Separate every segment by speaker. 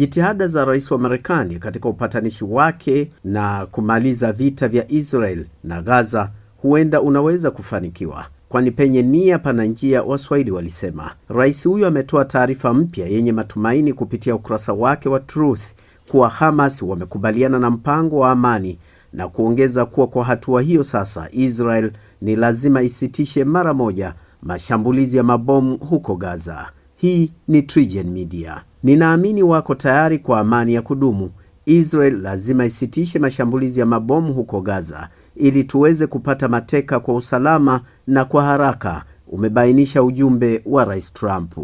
Speaker 1: Jitihada za rais wa Marekani katika upatanishi wake na kumaliza vita vya Israel na Gaza huenda unaweza kufanikiwa, kwani penye nia pana njia, Waswahili walisema. Rais huyo ametoa taarifa mpya yenye matumaini kupitia ukurasa wake wa Truth kuwa Hamas wamekubaliana na mpango wa amani na kuongeza kuwa kwa hatua hiyo sasa Israel ni lazima isitishe mara moja mashambulizi ya mabomu huko Gaza. Hii ni TriGen Media. Ninaamini wako tayari kwa amani ya kudumu. Israel lazima isitishe mashambulizi ya mabomu huko Gaza ili tuweze kupata mateka kwa usalama na kwa haraka, umebainisha ujumbe wa Rais Trump.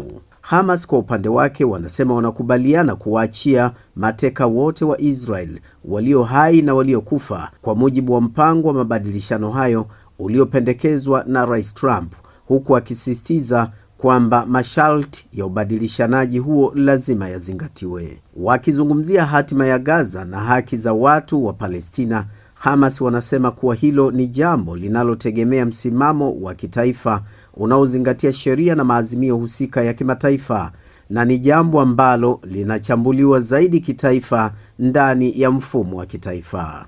Speaker 1: Hamas kwa upande wake wanasema wanakubaliana kuwaachia mateka wote wa Israel walio hai na waliokufa kwa mujibu wa mpango wa mabadilishano hayo uliopendekezwa na Rais Trump huku akisisitiza kwamba masharti ya ubadilishanaji huo lazima yazingatiwe. Wakizungumzia hatima ya Gaza na haki za watu wa Palestina, Hamas wanasema kuwa hilo ni jambo linalotegemea msimamo wa kitaifa unaozingatia sheria na maazimio husika ya kimataifa na ni jambo ambalo linachambuliwa zaidi kitaifa ndani ya mfumo wa kitaifa.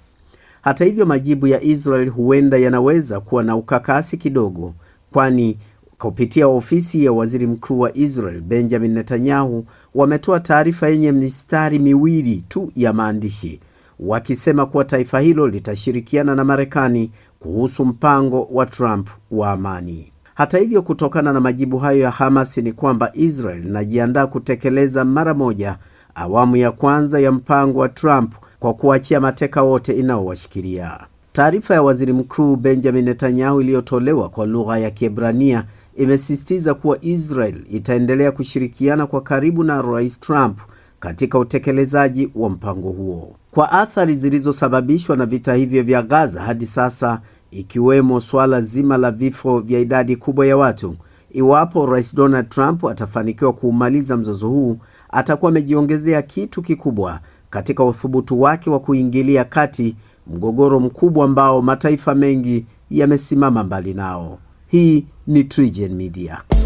Speaker 1: Hata hivyo, majibu ya Israel huenda yanaweza kuwa na ukakasi kidogo, kwani kupitia ofisi ya waziri mkuu wa Israel Benjamin Netanyahu wametoa taarifa yenye mistari miwili tu ya maandishi wakisema kuwa taifa hilo litashirikiana na Marekani kuhusu mpango wa Trump wa amani. Hata hivyo, kutokana na majibu hayo ya Hamas ni kwamba Israel inajiandaa kutekeleza mara moja awamu ya kwanza ya mpango wa Trump kwa kuachia mateka wote inaowashikilia. Taarifa ya waziri mkuu Benjamin Netanyahu iliyotolewa kwa lugha ya Kiebrania imesisitiza kuwa Israel itaendelea kushirikiana kwa karibu na Rais Trump katika utekelezaji wa mpango huo. Kwa athari zilizosababishwa na vita hivyo vya Gaza hadi sasa, ikiwemo swala zima la vifo vya idadi kubwa ya watu, iwapo Rais Donald Trump atafanikiwa kuumaliza mzozo huu, atakuwa amejiongezea kitu kikubwa katika uthubutu wake wa kuingilia kati mgogoro mkubwa ambao mataifa mengi yamesimama mbali nao. Hii ni TriGen Media.